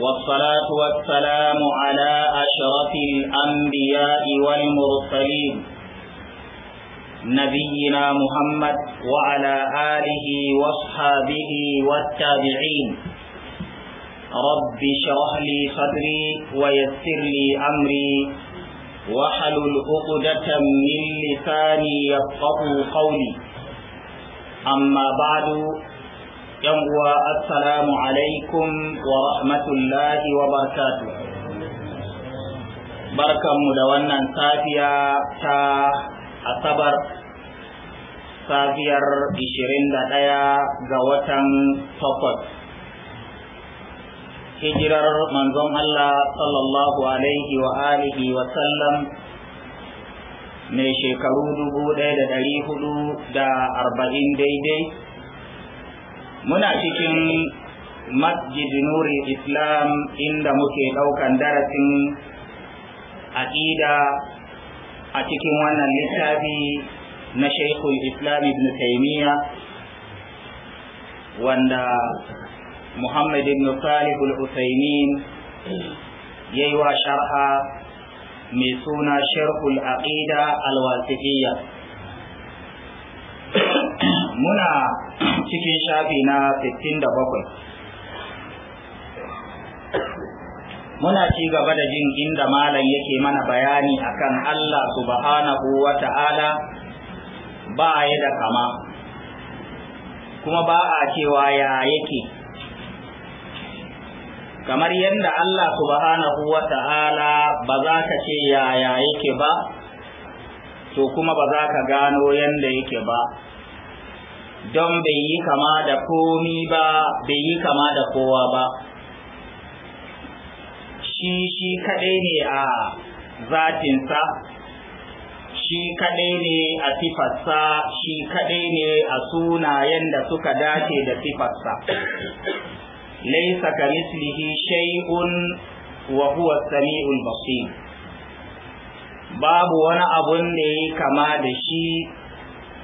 والصلاة والسلام على أشرف الأنبياء والمرسلين نبينا محمد وعلى آله وصحبه والتابعين رب اشرح لي صدري ويسر لي أمري واحلل عقدة من لساني يفقهوا قولي أما بعد yan uwa assalamu alaikum wa rahmatullahi wa barakatu barkanmu da wannan safiya ta asabar safiyar 21 ga watan takwas hijirar manzon Allah sallallahu alaihi wa alihi wa sallam mai shekaru dubu ɗaya da ɗari hudu da arba'in daidai muna cikin masjid nuri islam inda muke ɗaukan darasin aƙida a cikin wannan littafi na shaikul islam ibn taimiyya wanda muhammad ibn salih al-usaimin yayi wa sharha mai suna sharhul aqida al-wasifiyya muna cikin shafi na 67 muna ci gaba da jin inda malam yake mana bayani akan Allah subhanahu wa ta'ala ba ya da kama kuma ba a cewa ya yake kamar yadda Allah subhanahu wa ta'ala ba za ka ce ya yake ba to kuma ba za ka gano yadda yake ba don bai yi kama da komi ba bai yi kama da kowa ba shi shi kaɗai ne a zatinsa shi kaɗai ne a sifarsa shi kaɗai ne a sunayen da suka dace da sifarsa laisa ka mislihi shay'un wa huwa sami'ul basir babu wani abun da ya kama da shi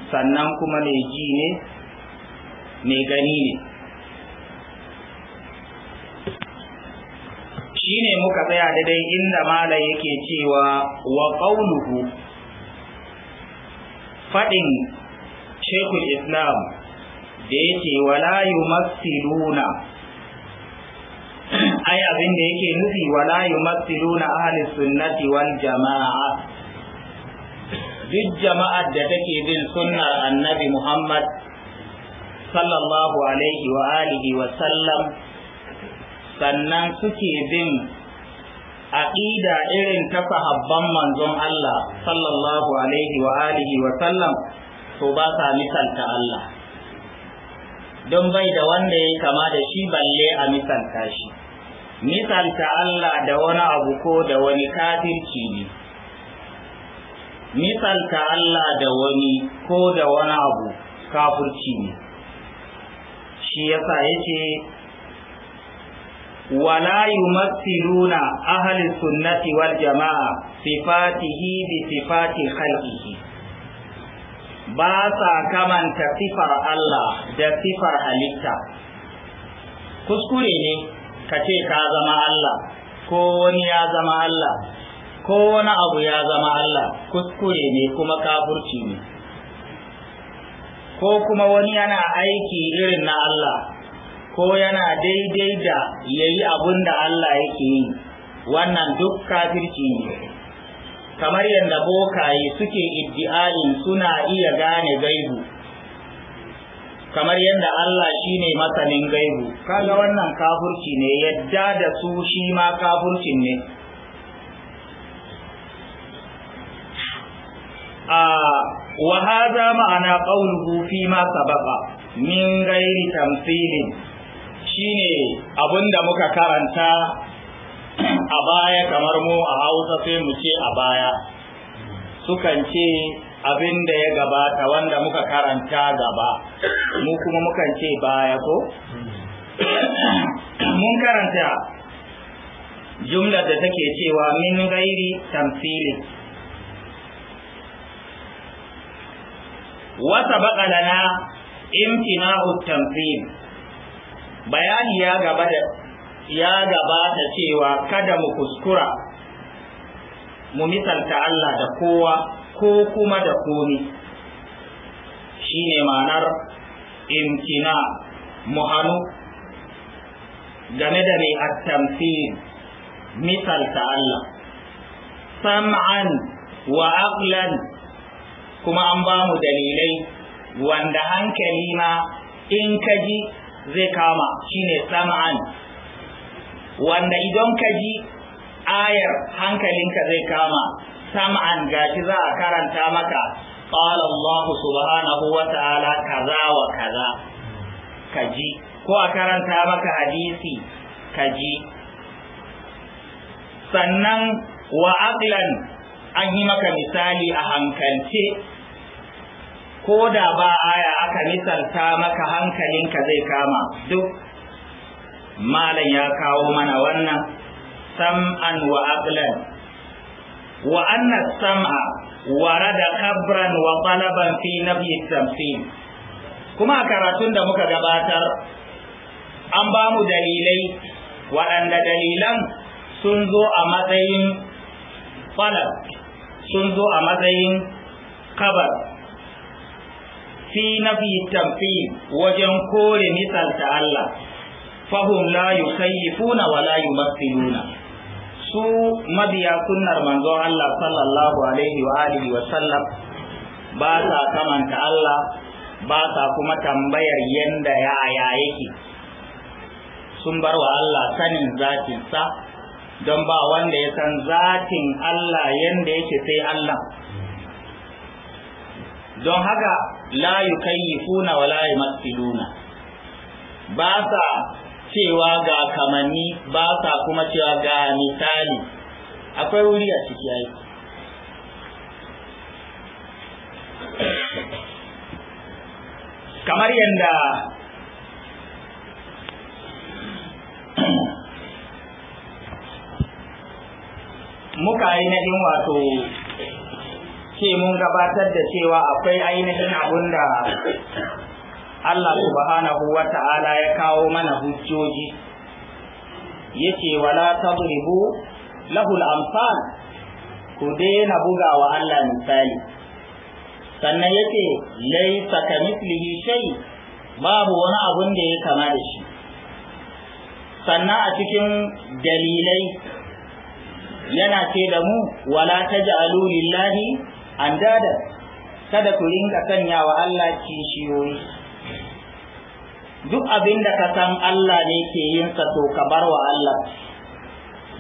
sannan kuma mai ji ne mai gani ne shi ne muka tsaya da dai inda mala yake cewa wa ƙauluhu faɗin shekul islam da yake wala yumassiluna ai abinda yake nufi wala yumassiluna ahli sunnati wal jama'a duk jama'ar da take bin sunnar annabi Muhammad sallallahu alaihi wa alihi wa sallam sannan suke bin aƙida irin ta sahabban manzon Allah sallallahu alaihi wa alihi wa sallam to ba sa misalta Allah don bai da wanda ya kama da shi balle a misalta shi misalta Allah da wani abu ko da wani kafirci ne nisanta Allah da wani ko da wani abu kafurci ne shi yasa yace wala yumassiluna ahli sunnati wal jama'a sifatihi bi sifati khalqihi ba sa kamanta sifar Allah da sifar halitta kuskure ne ka ce ka zama Allah ko wani ya zama Allah ko wani abu ya zama Allah kuskure ne kuma kafurci ne ko kuma wani yana aiki irin na Allah ko yana daidai da yayi yi abin da Allah yake yi wannan duk kafirci ne kamar yadda bokaye suke iddi'ayin suna iya gane gaibu kamar yadda Allah shi ne masanin gaibu kaga wannan kafurci ne yadda da su shi ma kafurcin ne wa hadha ma'ana qawluhu fi ma sabaqa min ghairi tamthili shine abinda muka karanta a baya kamar mu a Hausa sai mu ce a baya sukan ce abin ya gabata wanda muka karanta gaba mu kuma mukan ce baya ko mun karanta jumla da take cewa min gairi tamfili wasa baƙalana Imtina tamfim bayani ya gaba da ya gabata cewa kada mu kuskura mu misalta Allah da kowa ko kuma da komi shine ma'anar imtina mu hannu game da mai attamfin misalta Allah sam'an wa aqlan kuma an ba mu dalilai wanda hankali ma in ka ji zai kama shine sama'an wanda idan ka ji ayar hankalinka zai kama sam'an gashi za a karanta maka qala Allah subhanahu wa ta'ala kaza wa kaza ji, ko a karanta maka hadisi kaji sannan wa an yi maka misali a hankalce ko da ba aya aka misalta maka hankalinka zai kama duk malam ya kawo mana wannan sam'an wa aqlan wa anna sam'a warada kabran wa talaban fi nabi tamsin kuma a karatun da muka gabatar an ba mu dalilai waɗanda dalilan sun zo a matsayin falak sun zo a matsayin kabar fi nafi tamfi wajen kore misalta Allah fahum la yusayyifuna wa la nuna. su mabiya sunnar manzo Allah sallallahu alaihi wa alihi wa sallam ba sa kamanta Allah ba sa kuma tambayar yadda ya yake sun bar wa Allah sanin zatinsa don ba wanda ya san zatin Allah yanda yake sai Allah don haka la funa wa la yumassiluna ba sa cewa ga kamanni ba sa kuma cewa ga misali akwai wuri a ciki yayi kamar yadda muka ainihin wato ce mun gabatar da cewa akwai ainihin abun da Allah subhanahu wa ta'ala ya kawo mana hujjoji yake wala tadribu lahul amsal ku daina wa Allah misali sannan yake laisa ka mislihi shay babu wani abun da ya kama da shi sannan a cikin dalilai yana ce da mu wala taj'alu lillahi andada kada ku rinka sanya wa Allah kishiyoyi duk abin da ka san Allah ne ke yin sa to ka bar wa Allah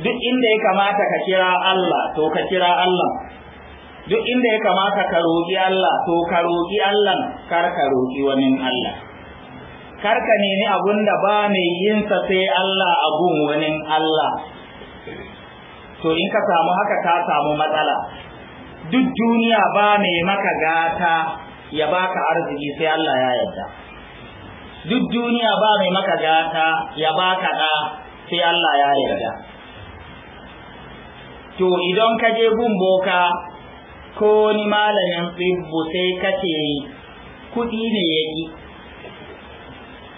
duk inda ya kamata ka kira Allah to ka kira Allah duk inda ya kamata ka roƙi Allah to ka roƙi Allah kar ka roƙi wani Allah kar ka nemi abun da ba mai yin sa sai Allah abun wani Allah to in ka samu haka ka samu matsala duk duniya ba mai maka gata ya baka arziki sai Allah ya yarda duk duniya ba mai maka gata ya baka da sai Allah ya yarda to idan ka je gun boka ko ni malamin tsibbu sai ka ce kuɗi ne ya yi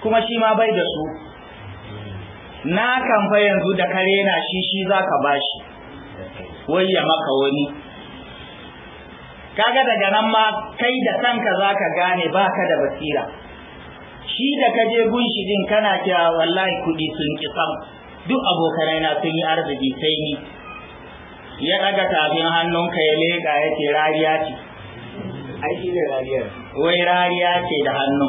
kuma shi ma bai da su na kamfa yanzu da kare na shi shi za ka bashi wai ya maka wani kaga daga nan ma kai da kanka zaka gane baka da basira shi da ka je gunshi din kana cewa wallahi kudi sun ki sam duk abokanai na sun yi arziki sai ni ya daga tafin hannunka ya leka ya ce rariya ce ai shi ne rariya wai rariya ce da hannu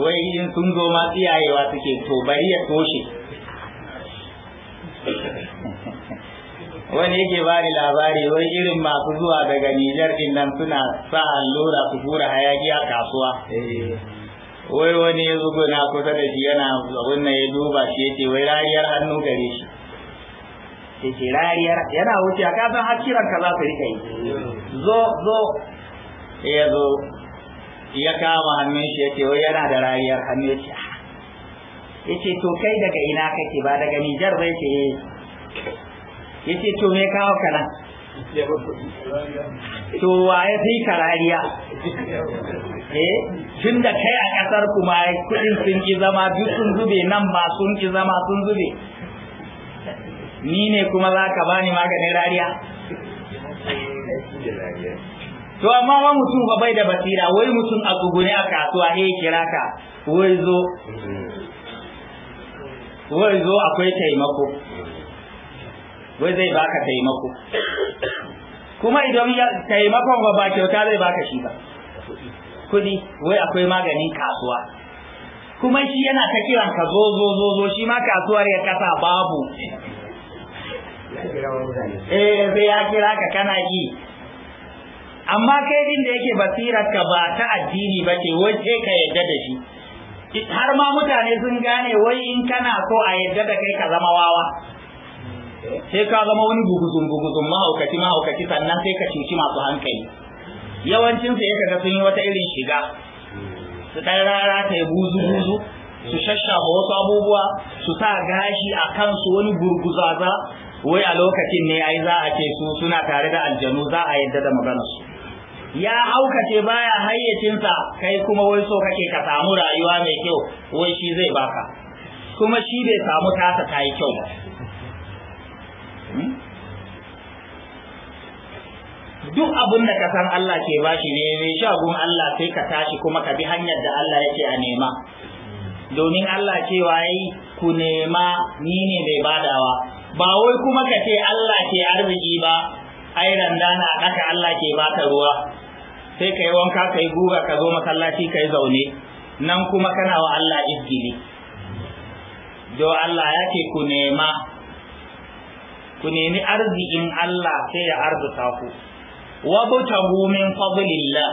wai in sun zo ma tsiyayewa suke to bari ya toshe wani yake bani labari wai irin masu zuwa daga Nijar din nan suna sa allura su fura hayaki a kasuwa wai wani ya na kusa da shi yana abin na ya duba shi yace wai rariyar hannu gare shi yace rariyar yana wuce ka san hakiran ka za su rika yi zo zo ya zo ya kama hannun shi yace wai yana da rariyar hannu yace ah. yace to kai daga ina kake ba daga Nijar bai ke? Yace to me kawo ka nan to waye sai karariya eh tun da kai a kasar kuma kudin sun ki zama duk sun zube nan ba sun ki zama sun zube ni ne kuma za ka bani maganin rariya to amma wa mutum ba bai da basira wai mutum a tsugune a kasuwa eh kira ka wai zo wai zo akwai taimako wai zai baka taimako kuma idan ya taimakon ba ba kyauta zai baka shi ba kudi wai akwai maganin kasuwa kuma shi yana ta kiran ka zo zo zo zo shi ma kasuwar ya kasa babu eh sai ya kira ka kana yi amma kai din da yake basirar ka ba ta addini ba ce wace ka yadda da shi har ma mutane sun gane wai in kana so a yadda da kai ka zama wawa sai ka zama wani buguzun buguzun mahaukaci mahaukaci sannan sai ka cuci masu hankali yawancin sai ka sun yi wata irin shiga su ta rara ta yi buzu buzu eh. su shashafa wasu abubuwa su sa gashi a kansu wani gurguzaza wai a lokacin ne ai za a ce su suna tare da aljanu za a yadda da magana su. ya haukace baya hayyacinsa kai kuma wai so kake ka samu rayuwa mai kyau wai shi zai baka kuma shi bai samu tasa ta yi kyau ba duk abin da ka san Allah ke bashi ne mai shagun Allah sai ka tashi kuma ka bi hanyar da Allah yake a nema domin Allah cewa yi ku nema ni ne mai badawa ba wai kuma ka ce Allah ke arziki ba ai randana a ɗaka Allah ke baka ruwa sai ka yi wanka ka yi guga ka zo masallaci ka yi zaune nan kuma kana wa Allah izgili do Allah ya ku nema ku nemi arzikin Allah sai ya arzuta ku wa butahu min fadlillah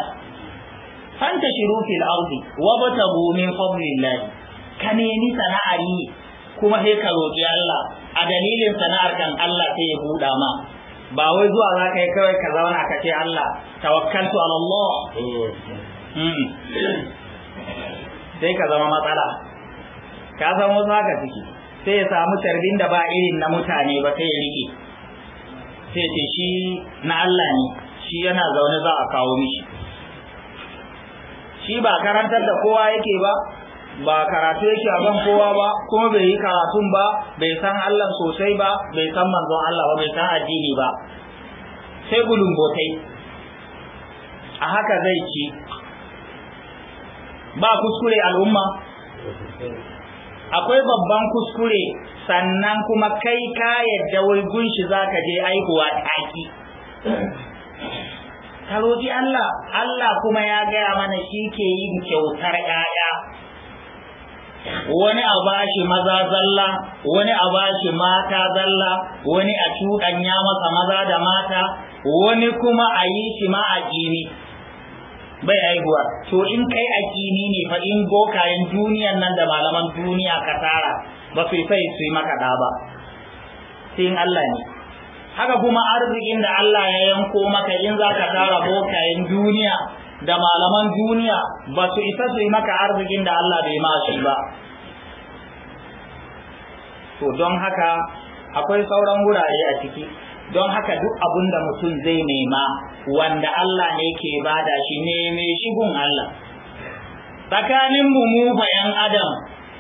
shiru fil ardi wa butahu min fadlillah ka nemi sana'ar yi kuma sai ka roki Allah a dalilin sana'ar kan Allah sai ya buɗa ma ba wai zuwa za ka yi kawai ka zauna ka ce Allah tawakkaltu ala Allah hmm. sai ka zama matsala ka san wasu haka suke sai ya samu sarbin da ba irin na mutane ba sai ya rike sai ce shi na Allah ne shi yana zaune za a kawo mishi shi ba karantar da kowa yake ba ba karatu yake a ban kowa ba kuma bai yi karatun ba bai san Allah sosai ba bai san manzon Allah ba bai san addini ba sai gulumbotai a haka zai ci ba kuskure al'umma akwai babban kuskure sannan kuma kai ka yadda wai gunshi ka je aihuwa taki ka roƙi Allah Allah kuma ya gaya mana shi ke yin kyautar 'ya'ya. wani a ba shi maza zalla wani a bashi mata zalla wani a cuɗanya masa maza da mata wani kuma a yi shi ma a bai haihuwa to in kai aƙini ne fa in bokayen duniyan nan da malaman duniya ka tara ba su sai su yi maka ɗa sai in Allah ne haka kuma arzikin da Allah ya yanko maka in za ka tara bokayen duniya da malaman duniya ba su isa su yi maka arzikin da Allah bai ma shi ba to don haka akwai sauran wurare a ciki don haka duk abun da mutum zai nema wanda Allah ne ke bada shi neme shigun Allah tsakanin mu mu yan adam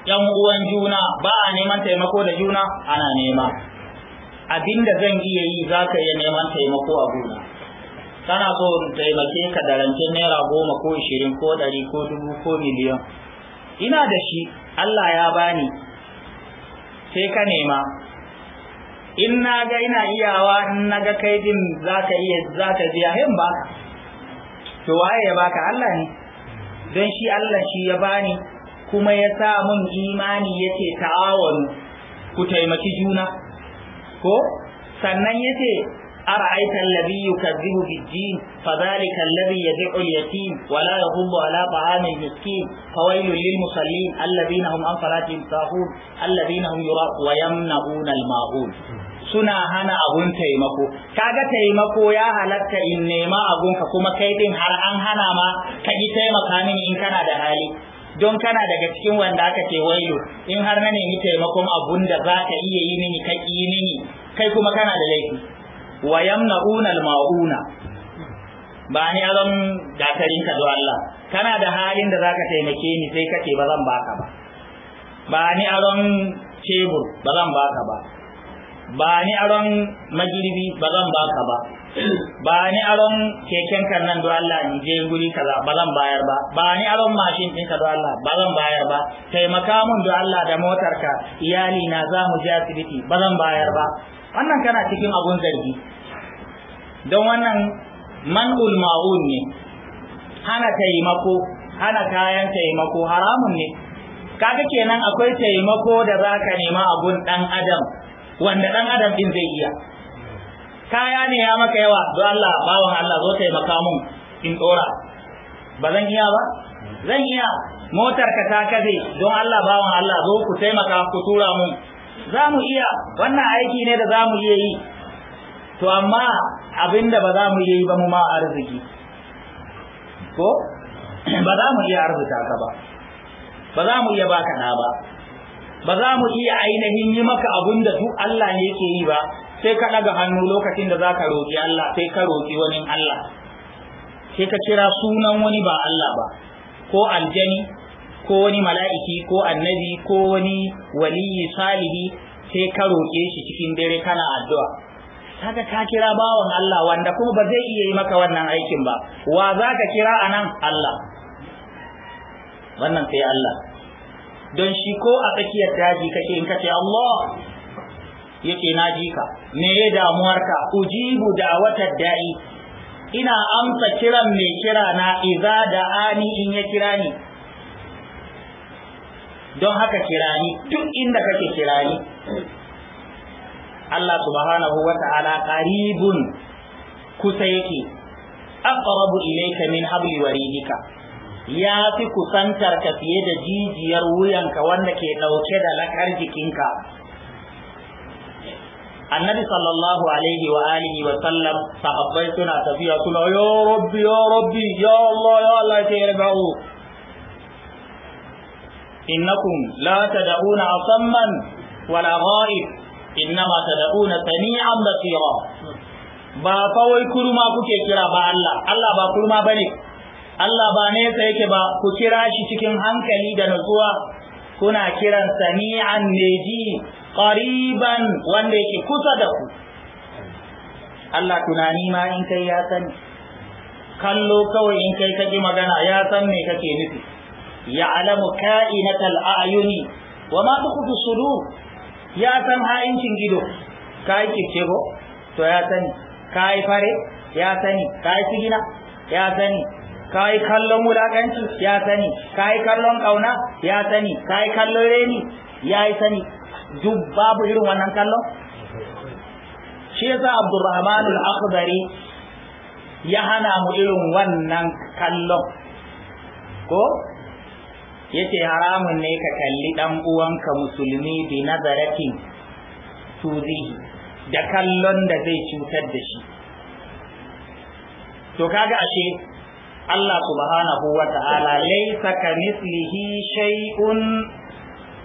yan uwan juna ba a neman taimako da juna ana nema abinda zan iya yi zaka iya neman taimako a gona kana so in taimake ka da rancen naira goma ko ishirin ko ɗari ko dubu ko miliyan ina da shi Allah ya bani sai ka nema in na ga ina iyawa na ga kai din za ka iya za ka biya hin to waye ya baka Allah ne don shi Allah shi ya bani kuma ya sa mun imani yake ta'awun ku taimaki juna ko sannan yake ara'aita alladhi yukadhibu bid-din fa dhalika alladhi yad'u al-yatim wa la yahubbu ala ta'amil miskin fa waylun lil musallin alladhina hum an salatihim sahun alladhina hum yuraqu wa yamna'un al-ma'un suna hana abun taimako kaga taimako ya halatta in nema abun ka. kuma kai din har an hana ma ka yi taimaka mini in kana da hali don kana daga cikin wanda aka ce wailu in har na nemi taimakon abun da za ka iya yi mini ka yi mini kai kuma kana da laifi wa yamna'una al-ma'una ba ni azam dakarin ka zo Allah kana da halin da zaka taimake ni sai kace ba zan baka ba ba ni azam cebur ba zan baka ba ba ni aron magirbi ba zan baka ba ba ni aron keken kan nan do Allah in je guri kaza ba zan bayar ba ba ni aron mashin ka do Allah ba zan bayar ba taimaka mun do Allah da motarka iyali na za mu je asibiti ba zan bayar ba wannan kana cikin abun zargi don wannan man'ul ma'un ne hana taimako hana kayan taimako haramun ne kaga kenan akwai taimako da zaka nema abun dan adam wanda dan adam din zai iya kaya ne ya maka yawa don Allah bawan Allah zo taimaka mun in dora ba zan iya ba zan iya motar ka ta kafe, don Allah bawan Allah zo ku taimaka ku tura mun za mu iya wannan aiki ne da za mu iya yi to amma abinda ba za mu iya yi ba mu ma arziki ko ba za mu iya arzuta ka ba ba za mu iya baka na ba ba za mu iya ainihin yi maka abun da duk Allah yake yi ba sai ka ɗaga hannu lokacin da za ka roƙi Allah sai ka roƙi wani Allah sai ka kira sunan wani ba Allah ba ko aljani ko wani mala'iki ko annabi ko wani waliyi salihi sai ka roƙe shi cikin dare kana addu'a kaga ka kira bawan Allah wanda kuma ba zai iya yi maka wannan aikin ba wa za ka kira anan Allah wannan sai Allah don shi ko a tsakiyar daji kake in kace Allah yake na ji ka me ya damuwarka ujibu da'watar da'i ina amsa kiran mai kira na iza da ani in ya kira ni don haka kira ni duk inda kake kira ni Allah subhanahu wa ta'ala qaribun kusa yake aqrabu ilayka min habli waridika ya fi kusantar ka fiye da jijiyar wuyanka wanda ke dauke da lakar jikinka annabi sallallahu alaihi wa alihi wa sallam sahabbai suna tafiya suna ya rabbi ya rabbi ya allah ya allah ta yarbu innakum la tad'una asamman wala ghaib innama tad'una sami'an basira ba kawai wai kuke kira ba allah allah ba kurma bane Allah ba sai yake ba ku kira shi cikin hankali da nutsuwa kuna kiran sami'an ji qariban wanda yake kusa da ku Allah tunani ma in kai ya sani kallo kawai in kai kaki magana ya san me kake nufi alamu ka'inatal a'yuni wa ma tukutu sudur ya san ha'incin gido kai kike go to ya sani kai fare ya sani kai sigina ya sani ka yi kallon wulaƙanci ya sani ka yi kallon ƙauna ya sani ka yi kallon reni ya sani duk babu irin wannan kallon shi yasa abdurrahman al-akhdari ya hana mu irin wannan kallon ko yace haramun ne ka kalli dan uwanka musulmi bi nazaratin tuzihi da kallon da zai cutar da shi to kaga ashe Allah subhanahu wa ta'ala laysa kamithlihi shay'un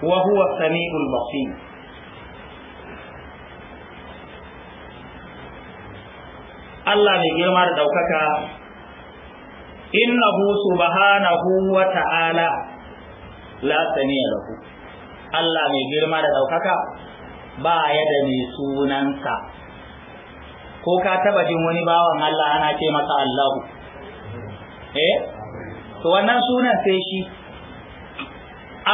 wa huwa as-sami'ul basir Allah mai girma da daukaka innahu subhanahu wa ta'ala la saniya lahu Allah mai girma da daukaka ba ya da mai sunansa ko ka taba jin wani bawan Allah ana ce masa Allahu eh to wannan sunan sai shi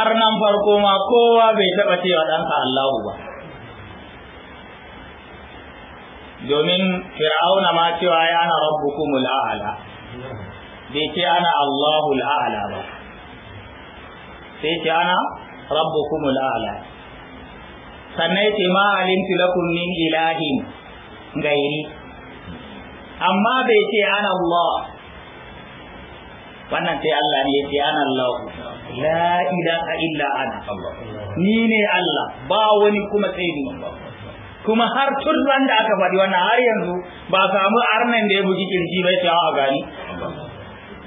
arnan farko ma kowa bai taɓa cewa ɗansa Allahu ba domin fir'auna ma cewa ya ana rabbukumul a'la bai ce ana Allahu a'la ba sai ce ana rabbukumul a'la sannan ce ma alimtu lakum min ilahin gairi amma bai ce ana Allah wannan sai Allah ne ya ce ana Allah la ilaha illa ana ni ne Allah ba wani kuma sai ni kuma har tun ran da aka faɗi wannan har yanzu ba samu arnan da ya buji kirji bai sai a gani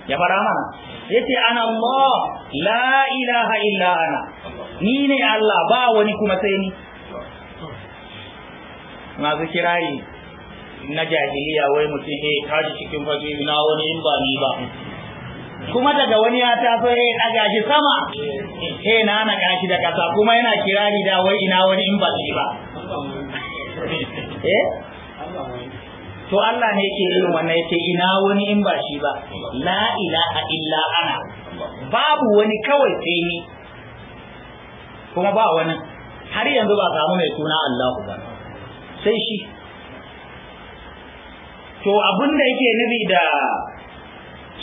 ya fara mana ya ce ana Allah la ilaha illa ana ni ne Allah ba wani kuma sai ni masu kirayi na jahiliya wai mutum eh tashi cikin fage na wani in ba ni ba kuma daga wani ya taso ya daga shi sama eh na na gashi da kasa kuma yana kirari da wai ina wani in ba ba eh to Allah ne yake irin wannan yake ina wani in ba shi ba la ilaha illa ana babu wani kawai sai ni kuma ba wani har yanzu ba samu mai suna Allahu ba sai shi to abin da yake nufi da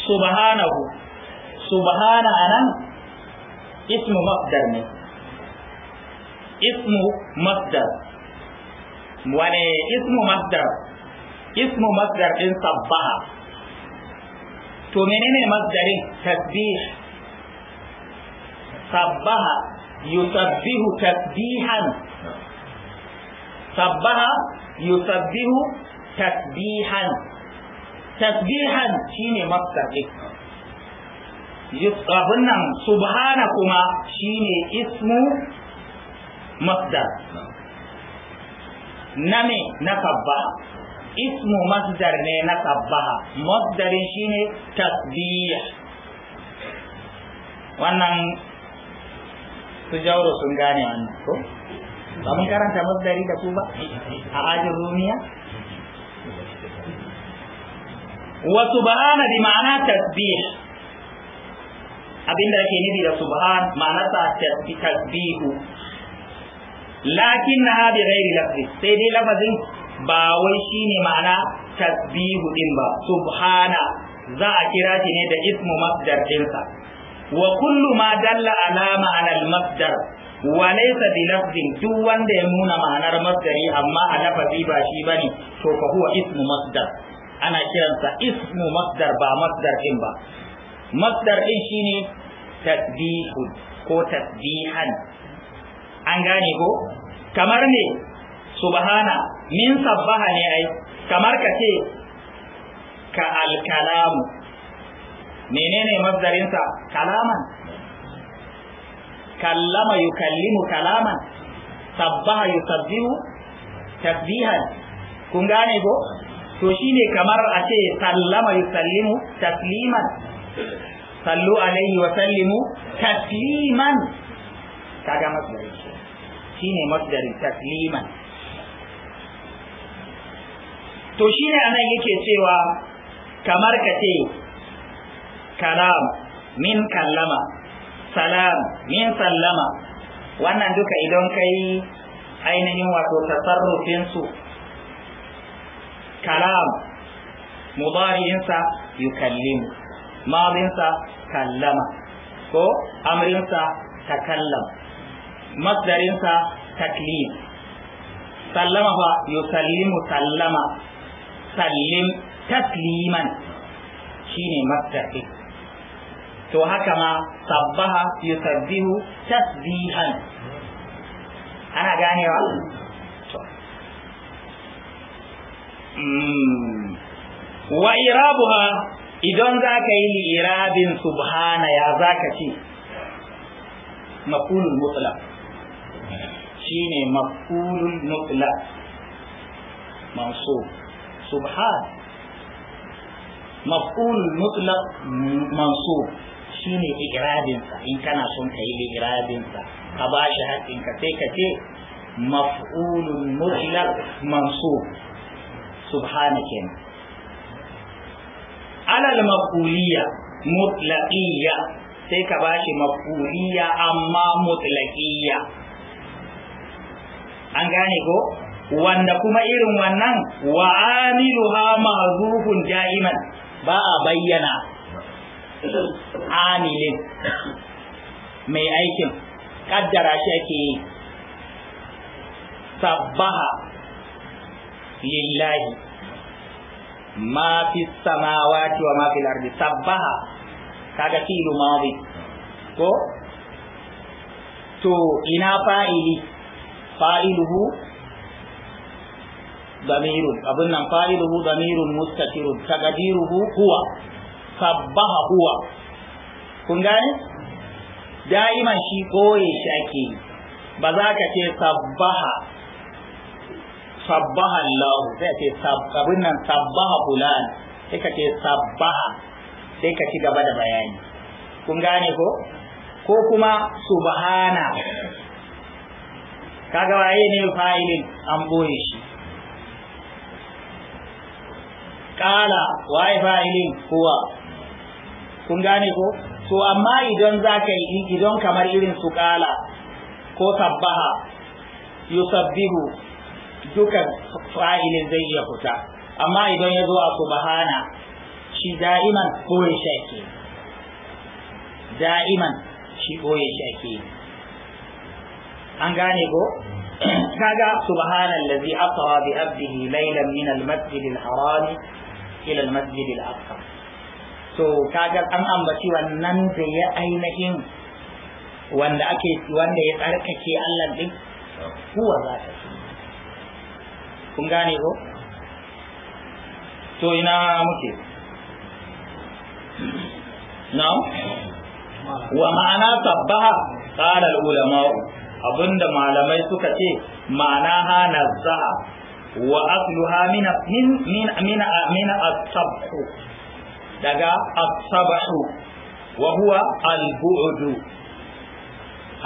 subhanahu subhana anan ismu masdar ne ismu masdar wane ismu masdar ismu masdar din sabbaha to menene masdarin tasbih sabbaha yusabbihu tasbihan sabbaha yusabbihu tasbihan tasbihan shine masdar din abin nan subhana kuma shine ismu masdar na me na sabba ismu masdar ne na sabbaha masdarin shine tasbiya. wannan su jauro sun gane wannan ko ba mun karanta masdari da su ba a ajin rumiya wa subhana bi ma'ana abinda ake nufi da subhan ma'ana ta tasbihu lakinnaha bi ghairi lafzi sai dai lafazin ba wai shine ma'ana tasbihu din ba subhana za a kira shi ne da ismu masdar dinsa wa kullu ma dalla ala ma'ana al-masdar wa laysa bi lafzin duk wanda ya nuna ma'anar masdari amma a lafazi ba shi bane to fa huwa ismu masdar ana kiransa ismu masdar ba masdar din ba masdar din shine tasbihun ko tasbihan an gane ko kamar ne subhana min sabbaha ne ai kamar ka ce ka alkalamu menene masdarinsa kalaman kallama yukallimu kalaman sabbaha yusabbihu tasbihan kun gane ko to shine kamar a ce sallama yusallimu tasliman sallu alaihi wa sallimu tasliman kaga ne shine masdari tasliman to shine anan yake cewa kamar ka ce kalam min kallama salam min sallama wannan duka idan kai ainihin wato tasarrufin su kalam mudari'insa yukallimu madinsa kallama ko amrinsa takallam masdarinsa taklim sallama fa yukallimu sallama sallim tasliman shine masdar to haka ma sabbaha yusabbihu tasbihan ana ganewa Hmm. wa irabuha idan za ka yi irabin subhana ya za ka ce mafulun Shi ne mafulun mutlaq mansub subhan mafulun Mansu shi ne irabinsa in kana son ka yi irabinsa ka ba shi haƙƙinka sai ka ce mafulun mutlaq mansub subhana kenan alal maquliyya mutlaqiyya sai ka bashi maquliyya amma mutlaƙiya an gane ko wanda kuma irin wannan wa'amilu amiluha ma'zufun da'iman ba a bayyana amilin mai aikin ƙaddara shi ake yi sabbaha lillahi ma fi samawati wa ma fil ardi sabbaha kaga fi'lu madi ko to ina fa'ili fa'iluhu damirun abun nan fa'iluhu damirun mustatirun tagadiruhu huwa sabbaha huwa kun gane da'iman shi koye shi ake ba za ka ce sabbaha sabbaha Allah sai ce sabbin nan sabbaha fulan sai ka ce sabbaha sai ka ci gaba da bayani kun gane ko ko kuma subhana kaga waye ne fa'ilin an boye shi kala waye fa'ilin kuwa kun gane ko to amma idan zaka yi idan kamar irin su kala ko sabbaha yusabbihu duka fa'ilin zai iya fita amma idan ya zo a subhana shi da'iman ɓoye shake da'iman shi ɓoye shake an gane ko kaga subhanan lazi asra bi abdihi laylan min al-masjid al-haram ila al-masjid al-aqsa so kaga an ambaci wannan da ya ainihin wanda ake wanda ya tsarkake Allah din kuwa oh. za ta kun gane ko to ina muke na wa ma'ana sabbaha qala ulama abinda malamai suka ce ma'ana ha nazza wa asluha min min min min min as-sabhu daga as-sabhu wa huwa al bud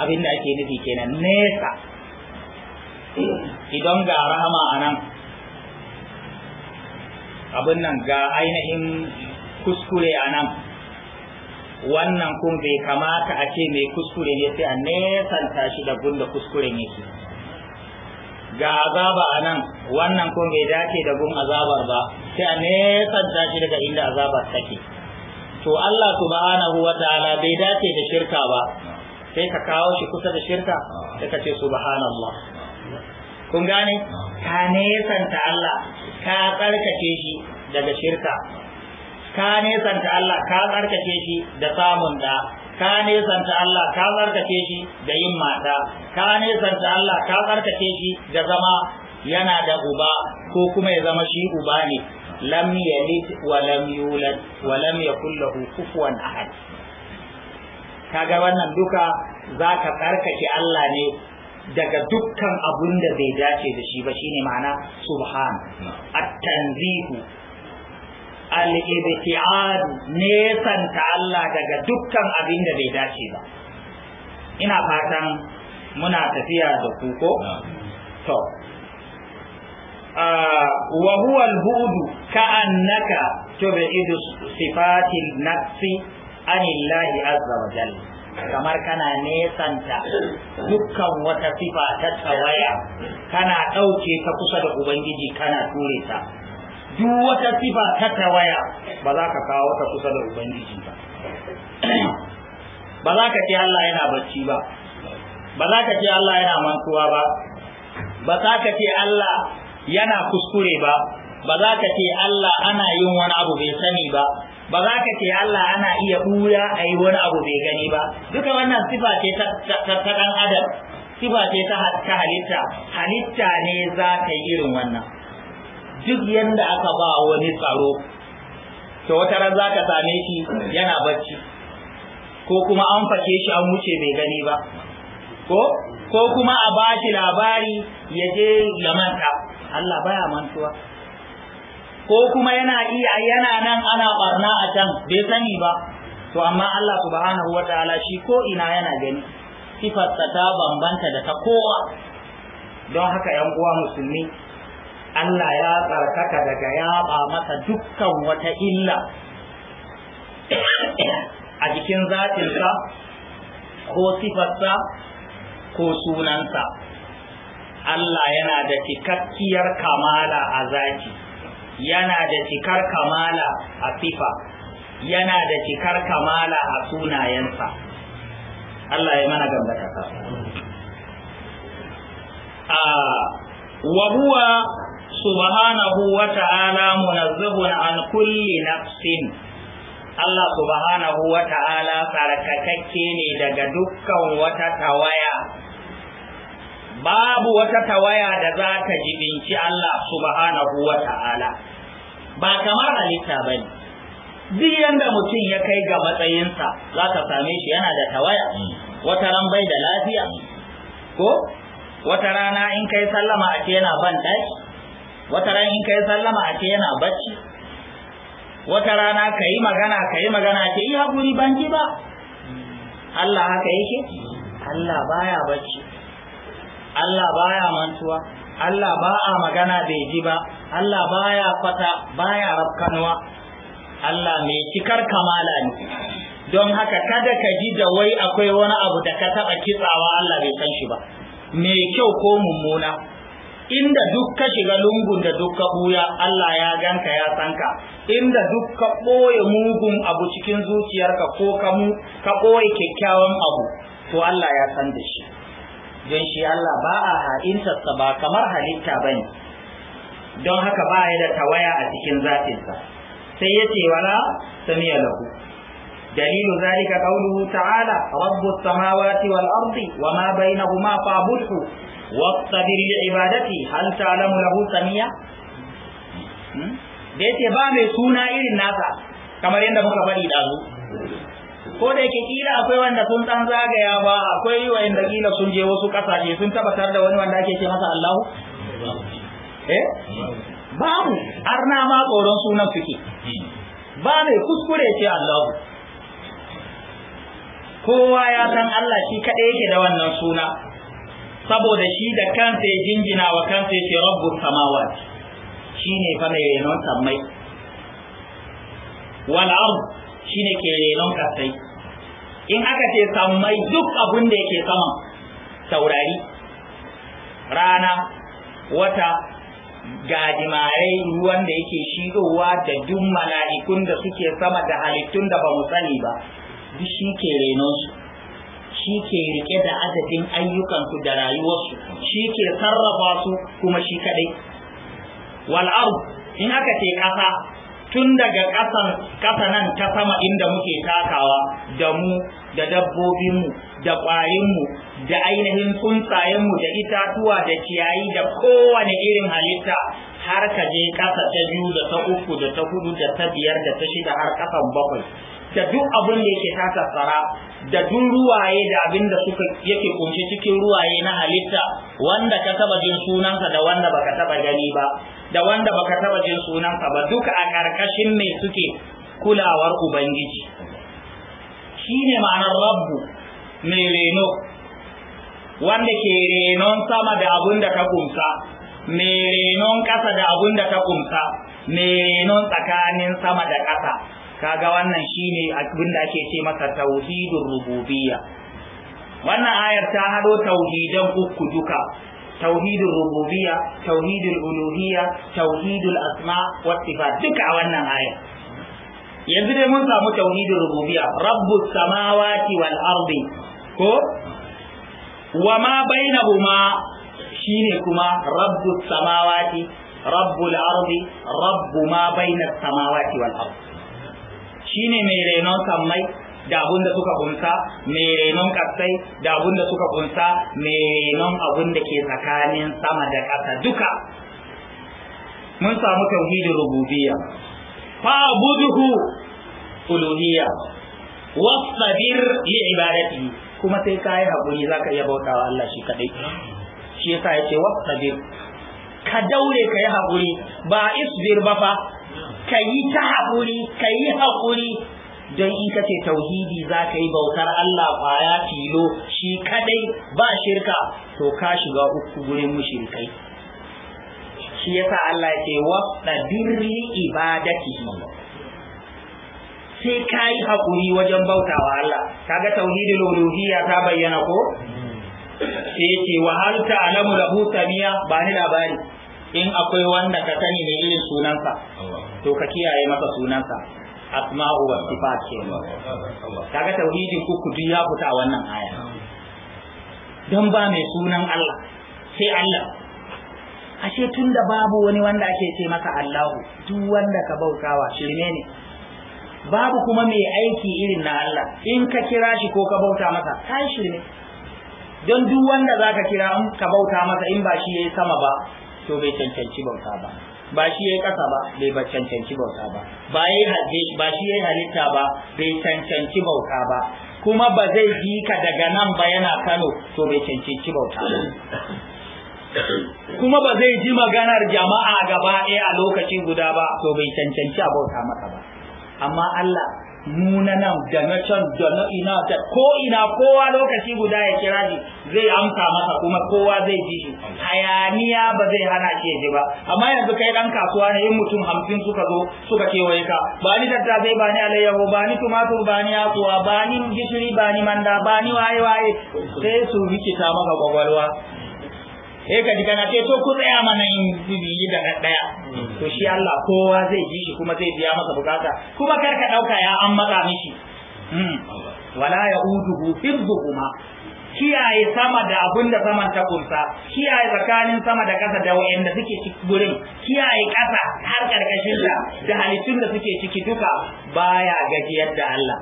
abinda ake nufi kenan nesa idan ga rahama a nan abin nan ga ainihin kuskure a nan wannan kun bai kamata a ce mai kuskure ne sai a nesanta shi da gunda ne ke. ga azaba a nan wannan kun bai dace da gun azabar ba sai a nesanta shi daga inda azabar take to Allah subhanahu wa ta'ala bai dace da shirka ba sai ka kawo shi kusa da shirka sai ka ce subhanallah kun gane ka nesanta Allah ka tsarkake shi daga shirka ka nesanta Allah ka tsarkake shi da samun da ka nesanta Allah ka tsarkake shi da yin mata ka nesanta Allah ka tsarkake shi da zama yana da uba ko kuma ya zama shi uba ne lam yalid wa lam yulad wa lam yakul lahu kufuwan ahad kaga wannan duka zaka tsarkake Allah ne daga dukkan abun da bai dace da shi ba shine ma'ana subhan at-tanzihu al-ibtiad nesan ta Allah daga dukkan abin da bai dace ba ina fatan muna tafiya da ku ko to ah, wa huwa al-bu'd ka'annaka tub'idu sifatil nafsi anillahi azza wa jalla kamar kana nesanta dukkan wata sifa ta tsawaya kana ɗauke ta kusa da ubangiji kana ture ta duk wata sifa ta tsawaya ba za ka kawo ta kusa da ubangiji ba ba za ka ce Allah yana bacci ba ba za ka ce Allah yana mantuwa ba ba za ka ce Allah yana kuskure ba ba za ka ce Allah ana yin wani abu bai sani ba ba za ka ce Allah ana iya ɓuya a yi wani abu bai gani ba duka wannan sifa ce ta ɗan adam sifa ce ta halitta halitta ne za ta yi irin wannan duk yadda aka ba wani tsaro to wata ran za ka same shi yana bacci ko kuma an fake shi an wuce bai gani ba ko ko kuma a ba shi labari ya je ya manta Allah baya mantuwa ko kuma yana iya yana nan ana barna a can bai sani ba to amma Allah subhanahu wataala shi ko ina yana gani sifarsa ta bambanta da ta kowa don haka yan uwa musulmi Allah ya tsarkaka daga yaba masa dukkan wata illa a jikin zatinsa ko sifarsa ko sunansa Allah yana da cikakkiyar kamala a zaki yana da cikar kamala a sifa yana da cikar kamala a sunayensa Allah ya mana gamba ta a wa huwa subhanahu wa ta'ala munazzahun an kulli nafsin Allah subhanahu wa ta'ala tsarkakakke ne daga dukkan wata tawaya babu wata tawaya da za ta jibinci Allah subhanahu wa ta'ala ba kamar halitta ba ne duk yanda mutum ya kai ga matsayinsa za ka same shi yana da tawaya wata ran bai da lafiya ko wata rana in kai sallama a ke yana ban ɗaki wata rana in kai sallama a ke yana bacci wata rana ka yi magana ka yi magana ke yi iya guri ba Allah haka yake Allah baya bacci Allah baya mantuwa Allah ba a magana bai ji ba Allah baya kwata baya rafkanwa Allah mai cikar kamala ne don haka kada ka ji da wai akwai wani abu da ka taɓa kitsawa Allah bai san shi ba mai kyau ko mummuna inda duk ka shiga lungun da duk ka buya Allah ya ganka ya san ka inda duk ka ɓoye mugun abu cikin zuciyarka ko ka ka ɓoye kyakkyawan abu to Allah ya san da shi don shi Allah ba a ha'intarsa ba kamar halitta ba ne don haka ba ya da tawaya a cikin zafinsa, sai ya ce wala samiya lahu dalilu zalika qawluhu ta'ala rabbus samawati wal ardi wama bainahuma fa'budhu wastabir li ibadati hal ta'lamu lahu samiya hmm? da yace ba mai suna irin nasa kamar yadda muka faɗi ɗazu? ko da yake kila akwai wanda sun dan zagaya ba akwai wanda kila sun je wasu kasashe sun tabbatar da wani wanda ake ce masa Allahu eh babu arna ma tsoron sunan suke ba mai kuskure ce Allahu kowa ya san Allah shi kaɗai yake da wannan suna saboda shi da kansa ya jingina wa kansa ya ce samawat shine fa mai renon sammai wal ard shine ke renon kasai in aka ce sammai duk abin da yake saman saurari. rana wata gajimarai ruwan da yake shigowa da duk mala'ikun da suke sama da halittun da ba mu sani ba duk shi ke renonsu shi ke rike da adadin ayyukansu da rayuwarsu shi ke sarrafa su kuma shi kadai wal'ar in aka ce ƙasa tun daga ƙasan ƙasa nan ta sama inda muke takawa da mu da dabbobinmu da mu da ainihin tsuntsayenmu da itatuwa da ciyayi da kowane irin halitta har ka je ƙasa ta biyu da ta uku da ta hudu da ta biyar da ta shida har ƙasan bakwai da duk abin da yake taka tsara da duk ruwaye da abin da suka yake kunshi cikin ruwaye na halitta wanda ka taba jin sunansa da wanda baka taba gani ba da wanda baka taba jin sunansa ba duka a karkashin mai suke kulawar ubangiji shine ma'anar rabbu mai reno wanda ke renon sama da abun da ka kumsa mai renon ƙasa da abun da ka kumsa mai renon tsakanin sama da ƙasa kaga wannan shine abin da ake ce masa tauhidur rububiyya wannan ayar ta hado tauhidan uku duka توحيد الربوبية توحيد الألوهية توحيد الأسماء والصفات دك أولنا آية يزيد من سامو توحيد الربوبية رب السماوات والأرض كو وما بينهما شيني كما رب السماوات رب الأرض رب ما بين السماوات والأرض شيني ميرينو سمي da abun da suka kunsa mai renon kasai da abun da suka kunsa mai renon abun da ke tsakanin sama da ƙasa duka mun samu tauhidin rububiyya fa abuduhu uluhiyya wasbir li ibadati kuma sai kai hakuri zaka iya bautawa Allah shi kadai shi yasa yace wasbir ka daure ka yi hakuri ba isbir ba fa ka yi ta hakuri ka yi hakuri don ita ce tauhidi za ka yi bautar Allah kwaya tilo shi kadai ba shirka to ka shiga uku gurin mushrikai shi yasa Allah ya ce wafda birri ibadatihi sai ka yi haƙuri wajen bautawa Allah kaga tauhidul uluhiyya ta bayyana ko sai ce wa hal ta'lamu lahu ba ni labari in akwai wanda ka sani ne irin sunansa to ka kiyaye masa sunansa asma'u wa sifat ke kaga tauhidin ku ku ya fita wannan aya don ba mai sunan Allah sai Allah ashe tunda babu wani wanda ake ce maka Allahu duk wanda ka bautawa shirme ne babu kuma mai aiki irin na Allah in ka kira shi ko ka bauta masa kai shirme don duk wanda zaka kira ka bauta masa in ba shi yayi sama ba to bai cancanci bauta ba ba shi yi kasa ba bai ba cancanci bauta ba ba haɗe ba shi yayi halitta ba bai cancanci bauta ba kuma ba zai ji ka daga nan ba yana Kano to bai cancanci bauta ba kuma ba zai ji maganar jama'a gaba ɗaya a lokacin guda ba to bai cancanci a bauta maka ba amma Allah nuna nan da na can da na ina da ko ina kowa lokaci guda ya kira shi zai amsa masa kuma kowa zai ji shi hayaniya ba zai hana shi ji ba amma yanzu kai dan kasuwa ne in mutum hamsin suka zo suka kewaye ka ba ni zai ba ni alayyahu ba ni tumatur ba ni akuwa ba ni gishiri ba ni manda ba ni waye waye sai su rikita maka kwakwalwa eh ka jikana kana ce to ku tsaya mana in yi da daya to shi Allah kowa zai ji shi kuma zai biya masa bukata kuma kar ka dauka ya an matsa mishi hmm. wala ya'uduhu hibbuhuma kiyaye sama da abin da saman ta kunsa kiyaye tsakanin sama da kasa da wayanda suke ciki gurin kiyaye ƙasa har karkashin da da halittun da suke ciki duka baya gajiyar da Allah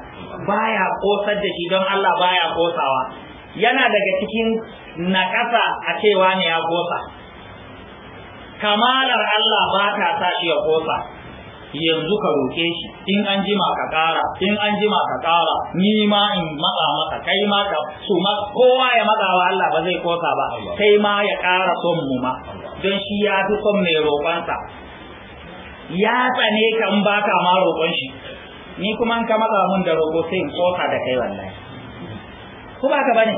baya kosar da shi don Allah baya kosawa yana daga cikin na ƙasa a cewa ne ya kosa kamalar Allah ba ta sa shi ya kosa yanzu ka roƙe shi in an jima ka ƙara in an jima ka ƙara ni ma in matsa maka kai ma ka su ma kowa ya matsa wa Allah ba zai kosa ba kai ma ya ƙara son mu ma don shi ya fi son mai roƙonsa ya tsane ka in baka ma roƙon shi ni kuma in ka matsa mun da roƙo sai in kosa da kai wallahi ko ba ka bane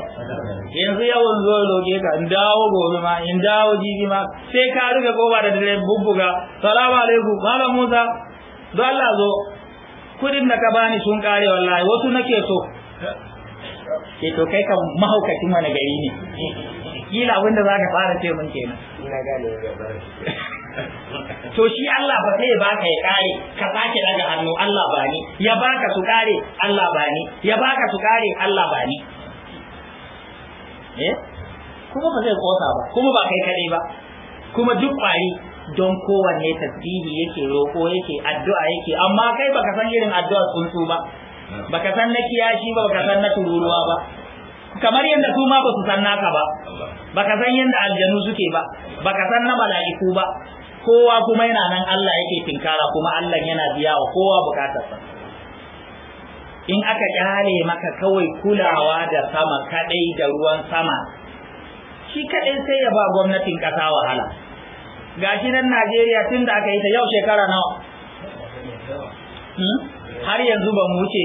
yanzu yawan zo roƙe ka in dawo gobe ma in dawo jibi ma sai ka riga goba da dare bubbuga salamu alaikum malam musa do allah zo kudin da ka bani sun kare wallahi wasu nake so ke to kai kan mahaukacin wani gari ne kila wanda za ka fara ce mun kenan to shi Allah ba sai baka ya kare ka sake daga hannu Allah ba ni ya baka su kare Allah ba ni ya baka su kare Allah ba ni Eh? kuma ba zai kosa ba kuma ba kai kadai ba kuma duk kwari don kowanne tasbihi yake roko yake addu'a yake amma kai baka san irin addu'a sun su ba baka san na kiyashi ba baka san na tururuwa ba kamar yadda su ma ba su san naka ba baka san yadda aljanu suke ba baka san na mala'iku ba kowa kuma yana nan Allah yake tinkara kuma Allah yana biya wa kowa bukatarsa in aka kyale maka kawai kulawa da sama kadai da ruwan sama shi kadai sai ya ba gwamnatin kasa wahala gashi nan Najeriya tun da aka yi ta yau shekara nawa hmm? har yanzu ba mu wuce